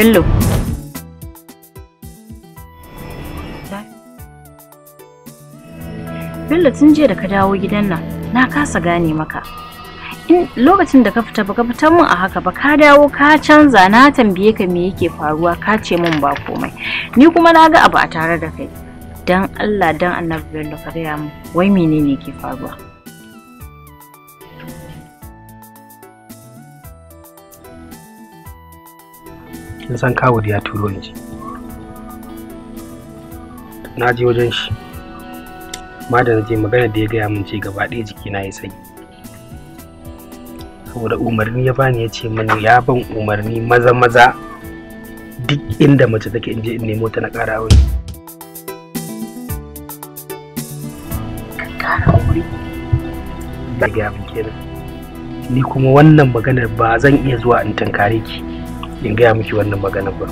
Bello. Bello tun jiya da ka dawo gidan nan na kasa gane maka. in Lokacin da ka fita ba ka fita min a haka ba ka dawo ka canza na tambaye ka me yake faruwa ka ce mun ba komai. Ni kuma na ga abu a tare da kai. Dan Allah dan Annabi Bello ka gaya min wai menene yake faruwa? kin san kawo ya turo ni ji na je wajen shi ma da na je magana da ya gaya min ce gaba ɗaya jiki na ya sanyi saboda umarni ya bani ya ce mani ya ban umarni maza maza duk inda mace take in je in nemo ta na ƙara aure ya gaya min kenan ni kuma wannan maganar ba zan iya zuwa in tankare ki in gaya miki wannan magana ba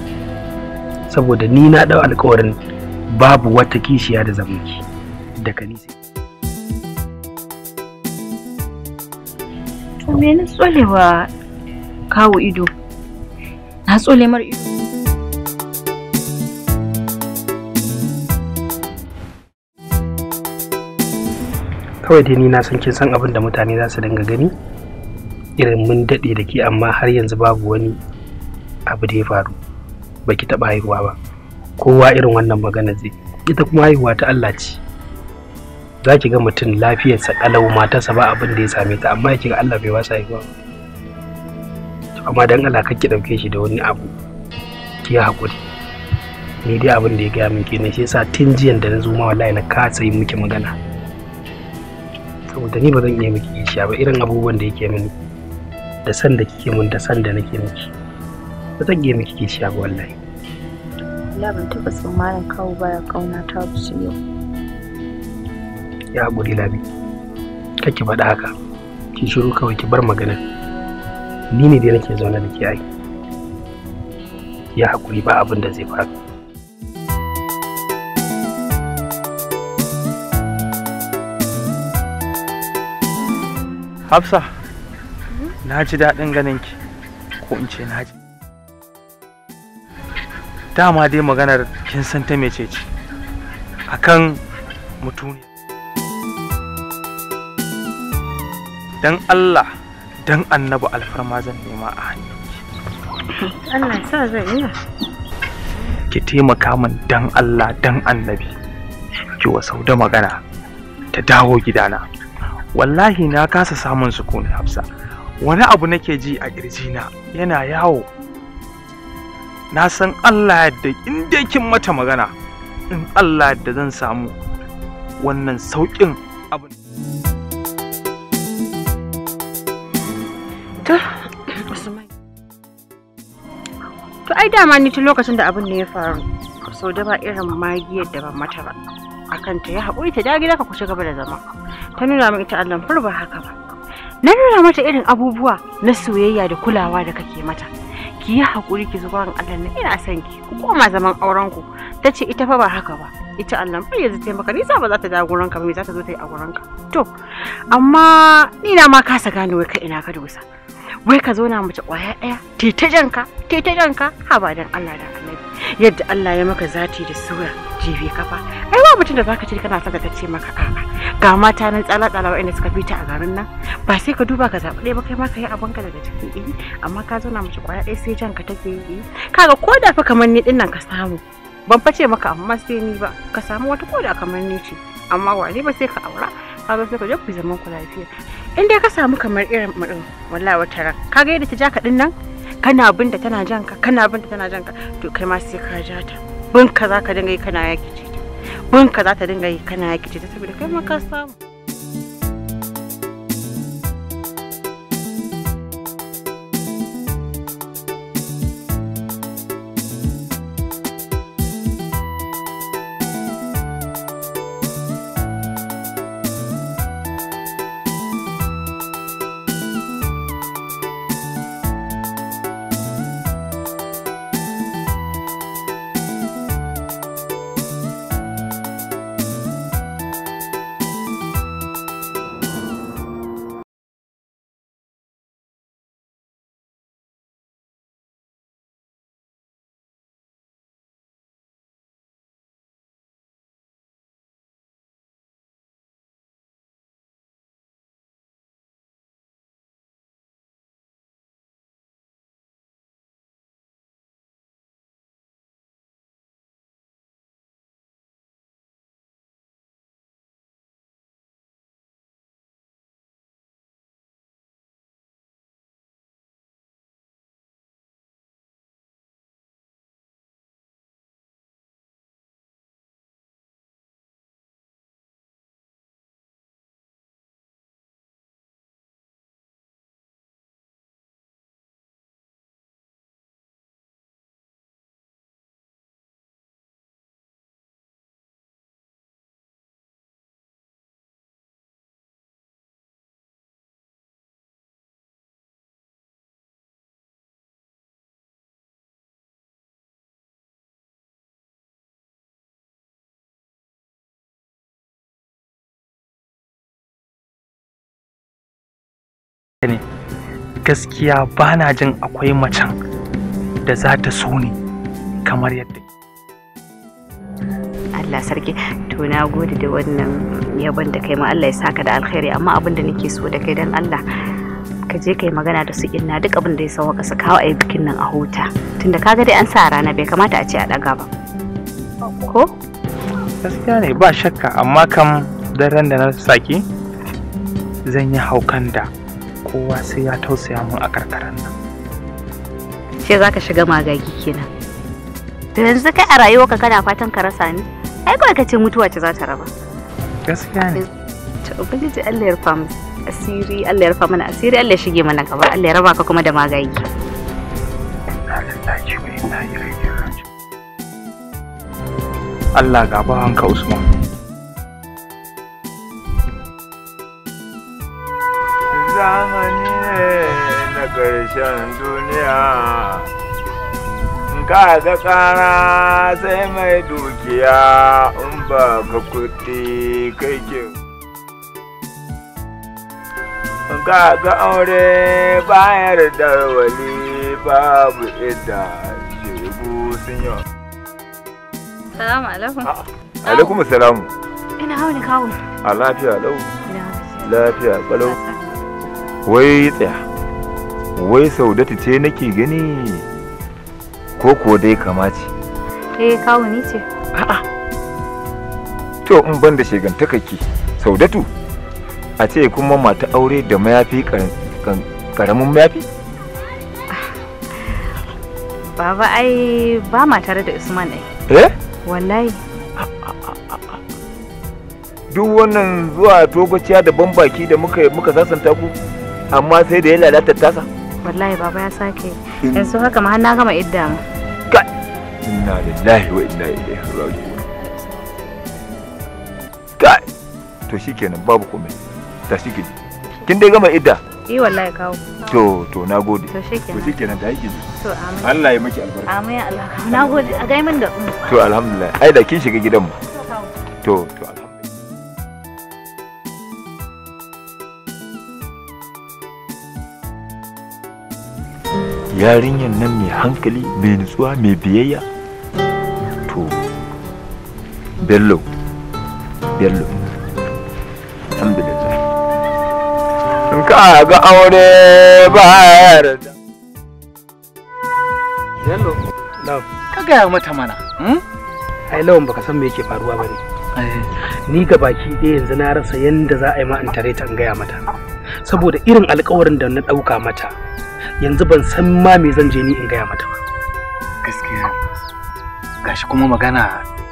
saboda ni na ɗau alkawarin babu wata kishiya da zan miki kanisa ni sai to me tsolewa kawo ido na tsole mar ido kawai dai ni na san kin san abin da mutane za su dinga gani irin mun daɗe da ke amma har yanzu babu wani abu da ya faru baki taɓa haihuwa ba kowa irin wannan magana zai ita kuma haihuwa ta Allah ce za ki ga mutum lafiyarsa ƙalau matarsa ba abin da ya same ta amma yake ga Allah bai wasa haihuwa to amma dan Allah ki ɗauke shi da wani abu ki ya haƙuri ni dai abin da ya gaya min kenan shi yasa tun jiyan da na zo ma wallahi na kasa yi miki magana saboda ni ba zan iya miki kishiya ba irin abubuwan da yake mini da san da kike mun da san da nake miki ta zan iya miki kishiya ga wallahi Allah ban taba tsammanin kawo baya kauna ta su yau ya guri labi kake faɗa haka ki shiru kawai ki bar magana ni ne dai nake zaune da ke ai ya hakuri ba abin da zai faru Hafsa, na ji daɗin ganinki ko in ce na ji dama dai maganar kin san ta mece ce akan mutune. dan Allah dan annabi alfarma zan nema a hannu Allah sa zai yi ki taimaka min dan Allah dan annabi ki wa sauda magana ta dawo gidana wallahi na kasa samun sukuni hafsa wani abu nake ji a na yana yawo na san Allah yadda in kin mata magana in Allah yadda zan samu wannan sauƙin abin to ai dama ni tun lokacin da abin ne ya faru sau da ba irin magiyar da ban mata ba akan ta ya haƙuri ta da gida ka kusa gaba da zama ta nuna min ita Allah fur ba haka ba na nuna mata irin abubuwa na soyayya da kulawa da kake mata ki yi haƙuri ki zuba Allah na ina son ki ku koma zaman auren ku ta ce ita fa ba haka ba ita Allah bai yanzu ta nisa ba za ta dawo gurin ka ba me za ta zo ta yi a gurin ka to amma ni na ma kasa gane wai ka ina ka dosa wai ka zo zauna mace kwaya ɗaya tita janka tita janka ha ba dan Allah da annabi yadda Allah ya maka zati da sura jibi kafa ai ba mutum da zaka ce kana saka ta ce maka a'a ga mata na tsala-tsala wa'anda suka fita a garin nan ba sai ka duba ka zaɓi ɗaya ba kai ma ka yi abin ka daga cikin iri amma ka zauna mace kwaya ɗaya sai jan ka take yi kaga ko da fa kamar ni ɗin ka samu ban fice maka amma sai ni ba ka samu wata da kamar ni ce amma wane ba sai ka aura kaga sai ka je ku zaman ku lafiya in dai ka samu kamar irin ɗin wallahi wata ran kaga yadda ta ja ka ɗin nan kana bin da tana janka kana bin da tana janka to kai ma sai ka ja ta bin ka za ka dinga yi kana yaki ce bunka za ta dinga yi kana yaƙi ce ta saboda kai ma ka samu ne gaskiya ba na jin akwai macen da za ta so ni kamar yadda Allah sarki to na gode da wannan yabon da kai ma Allah ya saka da alkhairi amma abin da nake so da kai dan Allah ka je kai magana da su inna duk abin da ya sauka ka saka a bikin nan a huta tunda kaga dai an sa rana bai kamata a ce a daga ba ko gaskiya ne ba shakka amma kam daren da na saki zan yi haukan da kowa sai ya tausaya mun a karkaran nan ce za ka shiga magagi kenan to yanzu kai a rayuwarka kana fatan ka rasa ni ai kawai ka ce mutuwa ce za ta raba gaskiya ne to ubangiji Allah ya rufa mu asiri Allah ya rufa mana asiri Allah ya shige mana gaba Allah ya raba ka kuma da magagi Allah gaba hanka Usman shan duniya ka ga tsara sai mai dukiya in ba ka kuɗi kai ke ka ga aure bayar da wali babu idda shebu sun yau salamu alaikum ah, alaikum salamu ina hau ni kawo a lafiya lau lafiya kalau wai tsaya wai saudatu ce nake gani ko ko dai kamace eh kawo ni ce a'a to in ban da shegantakaki saudatu a ce kuma mata aure da mayafi karamin mayafi baba ai ba ma tare da usman ai eh wallahi duk wannan zuwa togaciya da bambaki da muka muka sasanta ku amma sai da ya lalata tasa wallahi baba ya sake hmm. yanzu haka ma na gama idda mu inna lillahi wa inna ilaihi raji'un kai to shikenan babu komai ta shike kin dai gama idda eh wallahi kawo to to nagode to shikenan to shikenan da yake to amin Allah ya miki albarka amin ya Allah nagode a gaimin da to alhamdulillah ai da kin shiga gidan mu to to yarinyar nan mai hankali mai nutsuwa mai biyayya to bello bello alhamdulillah ka ga aure ba bello ka gaya mata mana hmm? ai lawan baka san me yake faruwa ba ne eh. ni ga baki ɗaya yanzu na rasa yadda za a yi ma ta in gaya mata saboda irin alkawarin da na ɗauka mata yanzu ban san ma me zan je ni in gaya mata ba gaskiya gashi kuma magana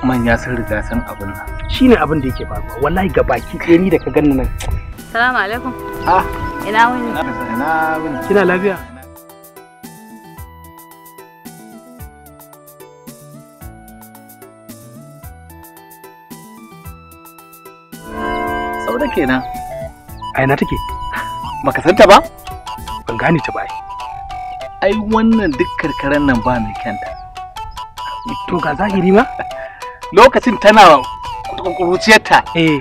manya sun riga san abin nan shine abin da yake faruwa wallahi ga baki ɗaya ni da ka ganni nan salamu alaikum ah ina wuni ina wuni kina lafiya Sauda kenan. A ina take? Baka santa ba? Ban gane ta ba ai wannan duk karkaran nan ba mai kyanta to ga zahiri ma lokacin tana kuruciyarta eh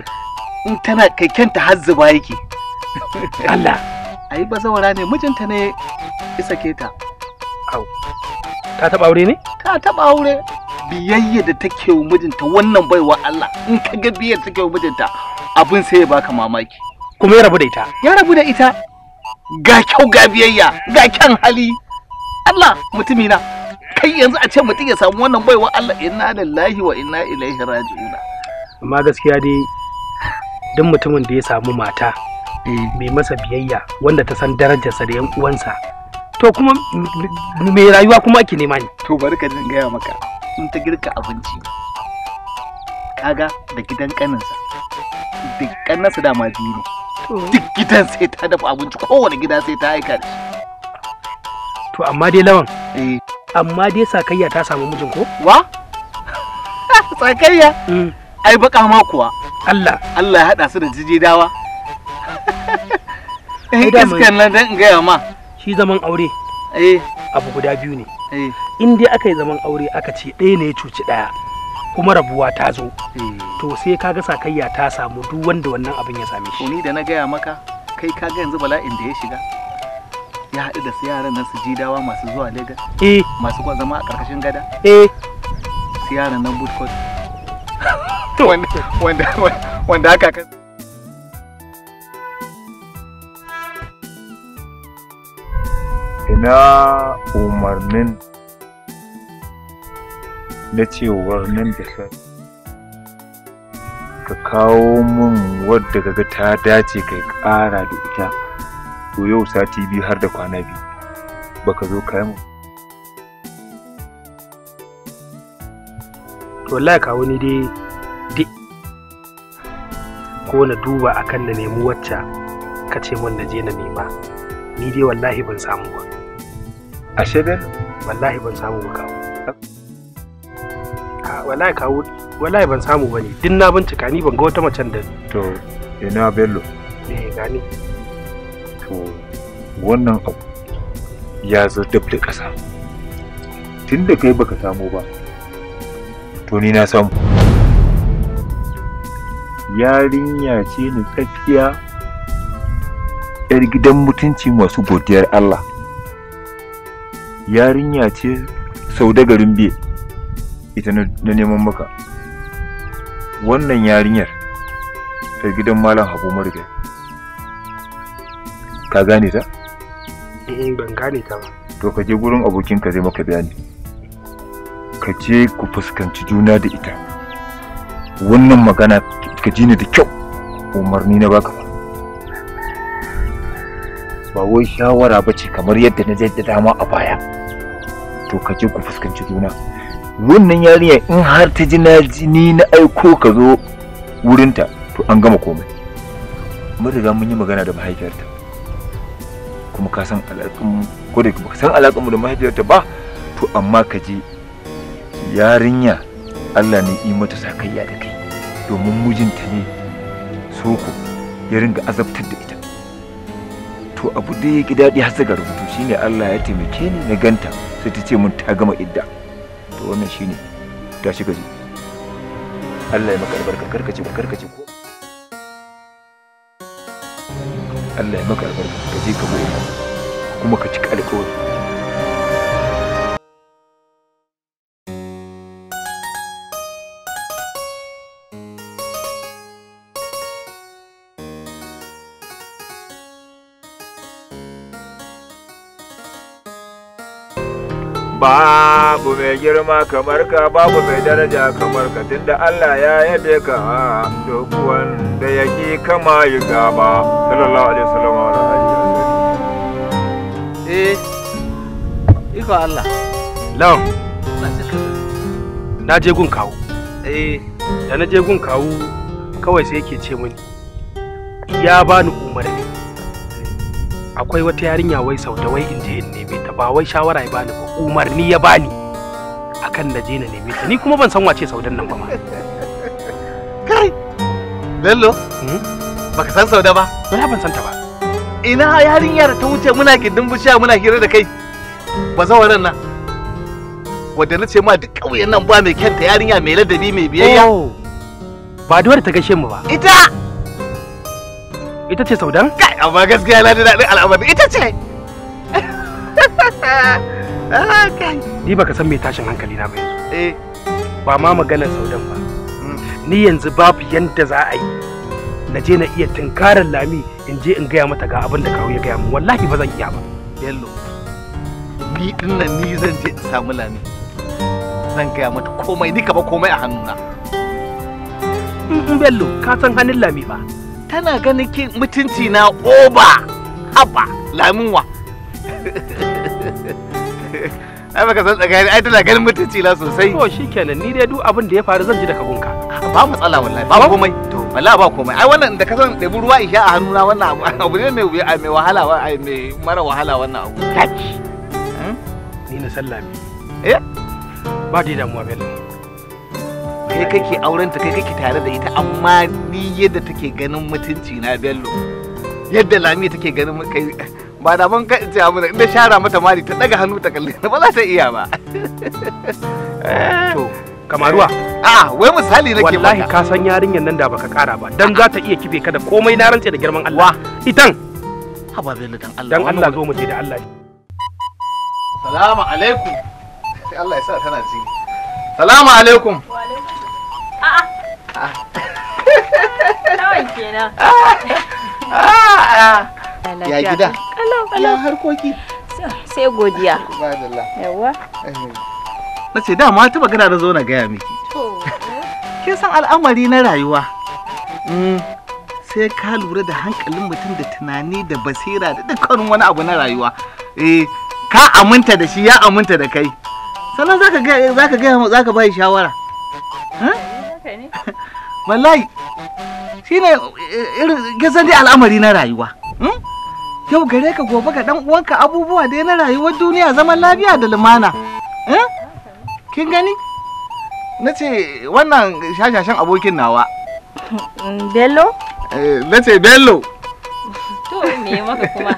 in tana kai kyanta har zuba yake Allah ai bazawara ne mijinta ne isa keta au ta taba aure ne ta taba aure biyayya da take wa mijinta wannan baiwa Allah in ka ga biyayya take wa mijinta abin sai ya baka mamaki kuma ya rabu da ita ya rabu da ita ga kyau ga biyayya ga kyan hali Allah mutumina kai yanzu a ce mutum ya samu wannan baiwa Allah inna lillahi wa inna ilaihi raji'un amma gaskiya dai duk mutumin da ya samu mata eh. mai masa biyayya wanda ta san darajarsa da yan uwansa to kuma mai rayuwa kuma ake nema ne to bari ka jin gaya maka in ta girka abinci kaga da gidan kaninsa duk da dama biyu ne duk gidan sai ta dafa abinci kowane gida sai ta aika da shi to amma dai lawan eh. amma dai sakayya ta samu mijin ko wa sakayya mm. ai baka ma kuwa Allah Allah ya hada su da jiji dawa eh iskan nan dan gaya ma shi zaman aure eh abu guda biyu ne eh in dai aka yi zaman aure aka ce ɗaya ne ya cuci ɗaya kuma rabuwa ta zo eh. to sai kaga sakayya ta samu duk wanda wannan abin ya same shi ni da na gaya maka kai kaga yanzu bala'in da ya shiga ya haɗu da su yaran nan su ji dawa masu zuwa Legas? Eh. Masu kwa zama a ƙarƙashin gada? Eh. Su yaran nan boot court. Wanda wanda wanda aka kan. Ina umarnin na cewar nan da ka kawo min wadda gaga ta dace kai ƙara da ita. to yau sati biyu har da kwana biyu baka zo kayan mu to wallahi kawo ni dai duk ko na duba akan na nemi wacce ka ce min na je na nema ni dai wallahi ban samu ba ashe dai wallahi ban samu ba kawo wallahi kawo wallahi ban samu ba ne duk na bincika ni ban ga wata macen da to ina bello eh gani to wannan abu ya zo da ƙasa tun da kai baka samu ba to ni na samu yarinya ce ni tsakiya yar gidan mutunci masu godiyar Allah yarinya ce sau da garin biye ita na neman maka wannan yarinyar ta gidan malam habu marigayi ka gane ta ban gane ta ba to ka je gurin abokinka zai maka bayani ka je ku fuskanci juna da ita wannan magana ka ji ni da kyau umarni na baka ba wai shawara ba ce kamar yadda na da dama a baya to ka je ku fuskanci juna wannan yarinya in har ta ji na ni na aiko ka zo wurinta to an gama komai mun riga mun yi magana da mahaifiyarta kuma ka san alaƙin ko da ba san alaƙin mu da mahaifiyarta ba to amma ka je yarinya Allah ne yi mata sakayya da kai domin mijinta ne soko ya ringa azabtar da ita to abu da ya ki daɗi har ga rubutu shine Allah ya taimake ni na ganta sai ta ce mun ta gama idda to wannan shine ta shiga ji Allah ya maka albarka karkace karkace ko Allah ya maka albarka ka je ka bude kuma ka cika alƙawari babu mai girma kamar ka babu mai daraja kamar ka tunda Allah ya yabe ka duk wanda ya ki kama yi gaba sallallahu alaihi wasallam wa eh iko Allah lawan na je gun kawo eh da na je gun kawo kawai sai yake ce mini ya bani umarni akwai wata yarinya wai sau da wai in je in neme ba wai shawara ya bani ba umarni ya bani akan na je na neme ta ni kuma ban san wace saudan nan ba ma kai lallo hmm? baka san sauda ba ba ban san ta ba ina yarinya da ta wuce muna gindin bishiya muna hira da kai ba zan nan wadda na ce ma duk ƙauyen nan ba mai kyanta yarinya mai ladabi mai biyayya oh! ba duwar ta gaishe mu ba ita ita ce saudan kai amma gaskiya na da daɗin al'amari ita ce Ah, ni baka san me tashin hankali na ba yanzu. Eh. Ba ma maganar saudan ba. Mm. Ni yanzu babu yanda za a yi. Na je na iya tunkarar lami in je in gaya mata ga abin da kawo ya gaya mu wallahi ba zan iya ba. Bello. Ni din nan ni zan je in samu lami. Zan gaya mata komai ni kaba komai a hannuna. Mm, Bello ka san hannun lami ba. Tana ganin mutunci na oba. Haba lamin wa. ai baka san tsakani ai tana ganin mutunci la sosai to shikenan ni dai duk abin da ya faru zan ji da gunka ba matsala wallahi ba komai to wallahi ba komai ai wannan da ka san da ruwa isha a hannuna wannan abu ne mai mai wahala ai mai mara wahala wannan abu kaci hmm? ni na sallah eh ba dai damuwa bello kai kake auren ta kai kake tare da ita amma ni yadda take ganin mutunci na bello yadda lami take ganin kai ba da ban kai ce amma da inda shara mata mari ta daga hannu ta kalle ba za ta iya ba to kamaruwa a ah, wai misali nake maka wallahi ka san yarinyar nan da baka kara ba dan za ta iya kife ka da komai na rantse da girman Allah itan haba dan Allah dan Allah zo mu je da Allah salamu alaikum sai Allah ya sa tana ji salamu alaikum wa alaikum a a a ya gida ya harkoki sai godiya yawa eh. na ce dama ta magana da zo na gaya miki kin san al'amari na rayuwa mm. sai ka lura da hankalin mutum da tunani da basira da dukkanin wani abu na rayuwa eh ka aminta da shi ya aminta da kai sannan zaka ga zaka ga zaka bai shawara wallahi shine eh, irin gazan al'amari na rayuwa yau gare ka gobe ga dan uwanka abubuwa da na rayuwar duniya zaman lafiya da lumana eh? kin gani na ce wannan shashashen abokin nawa mm, bello eh, na ce bello to me maka kuma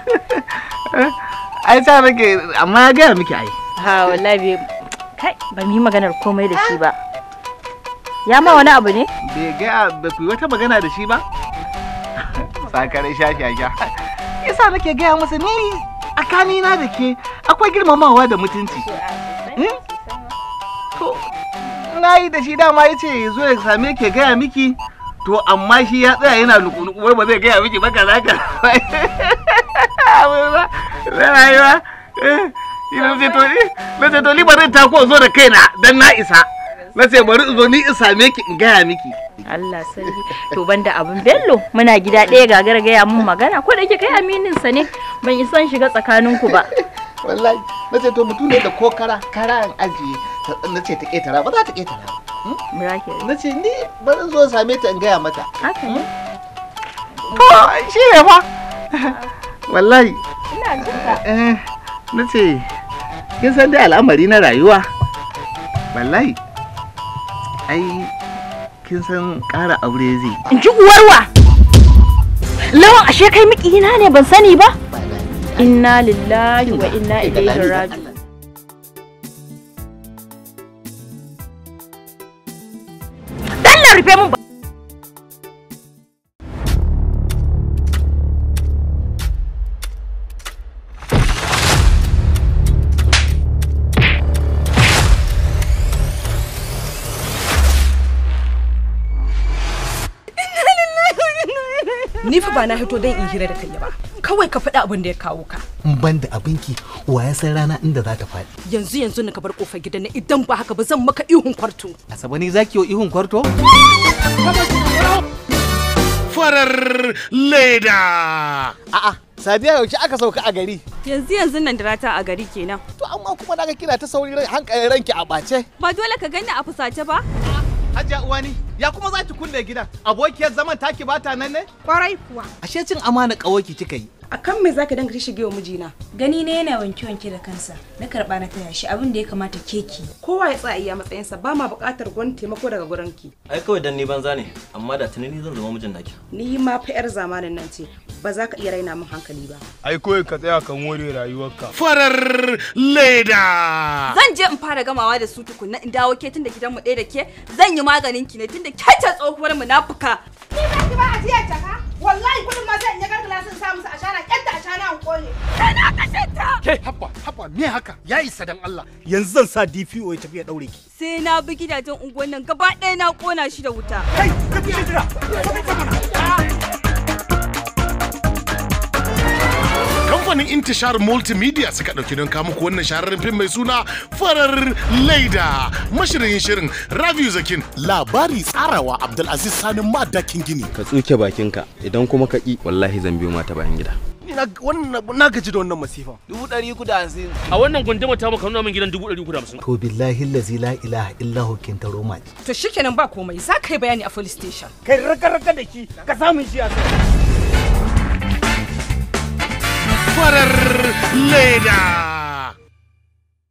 eh, ai ta rage amma ya gaya miki ai ha wallahi kai ba mu yi maganar komai da shi ba ya ma wani abu ne bai ga ba ku wata magana da shi ba sakare shashasha isa nake gaya masa ni a tsakanina da ke akwai girmamawa da mutunci hmm? to na yi da shi dama ya ce zo ya same ke gaya miki to amma shi ya tsaya yana lukunuku wai ba zai gaya miki ba kaza ka rayuwa eh, ina zai to ni ba zai tako zo da kaina dan na isa na ce bari in zo ni in same ki in gaya miki Allah sarki to banda abin bello muna gida ɗaya gagara gaya mun magana ko da ke kai aminin sa ne ban isan shiga tsakanin ku ba wallahi na ce to mutum ne da ko kara kara an ajiye na ce ta ketara ba za ta ketara hmm? na ce ni bari in zo same ta in gaya mata haka ne hmm? to shi ne fa wallahi ina jinka eh, na ce kin san dai al'amari na rayuwa wallahi ai kin san ƙara aure zai in ji uwarwa lawan ashe kai mikina ne ban sani ba inna lillahi wa inna ilaihi raji'un rufe mun ni fa ba na hito don in hira da kai ba kawai ka faɗi abin da ya kawo ka in ban da abinki wa ya san rana inda za ta faɗi yanzu yanzu na ka bar kofar gidan na idan ba haka ba zan maka ihun kwarto asaba ne zaki yo ihun kwarto farar leda a'a Sadiya yaushe aka sauka a gari? Yanzu yanzu nan da rata a gari kenan. To amma kuma na ga kira ta sauri ranki a bace Ba dole ka gani a fusace ba? Hajiya uwa ni. ya kuma za ki kunne gidan abokiyar zaman taki bata nan ne kwarai kuwa ashe cin amana kawoki kika yi a kan me zaka danka shige wa mijina gani ne yana wanke wanke da kansa na karba na taya shi abin da ya kamata keki kowa ya tsaya iya matsayinsa ba ma buƙatar gwani taimako daga gurin ki ai kawai dan ni banza ne amma da tunani zan zama mijin naki ni ma fa yar zamanin nan ce ba za ka iya raina min hankali ba ai kawai ka tsaya kan more rayuwarka farar leda zan je in fara gamawa da su tukunna in dawo ke tun da gidanmu ɗaya da ke zan yi maganin ki ne tun da kyakkyar tsohuwar munafuka. Ni ba ki ba a ajiyar jaka. Wallahi kudin ma zan iya gargala sa musu ashana kyanta ashana an kone. na kashe ta. Ke habba habba me haka? Ya isa dan Allah. Yanzu zan sa DPO ya tafi ya daure ki. Sai na bi gidajen unguwan nan gaba ɗaya na kona shi da wuta. Kai ka fi jira. Ka fi kamfanin intishar multimedia suka ɗauki don kamu ku wannan shahararren fim mai suna farar laida mashirin shirin raviyu zakin labari tsarawa abdulaziz sani madakin gini ka tsuke bakinka idan kuma ka ƙi wallahi zan biyo mata bayan gida na gaji da wannan masifa. Dubu ɗari uku da hamsin. A wannan gunduma ta maka nuna min gidan dubu ɗari uku da hamsin. To billahi lazi la ilaha illa hukin ta roma. To shikenan ba komai za ka yi bayani a police station. Kai raka raka da ki ka samun shi a kai. Lena.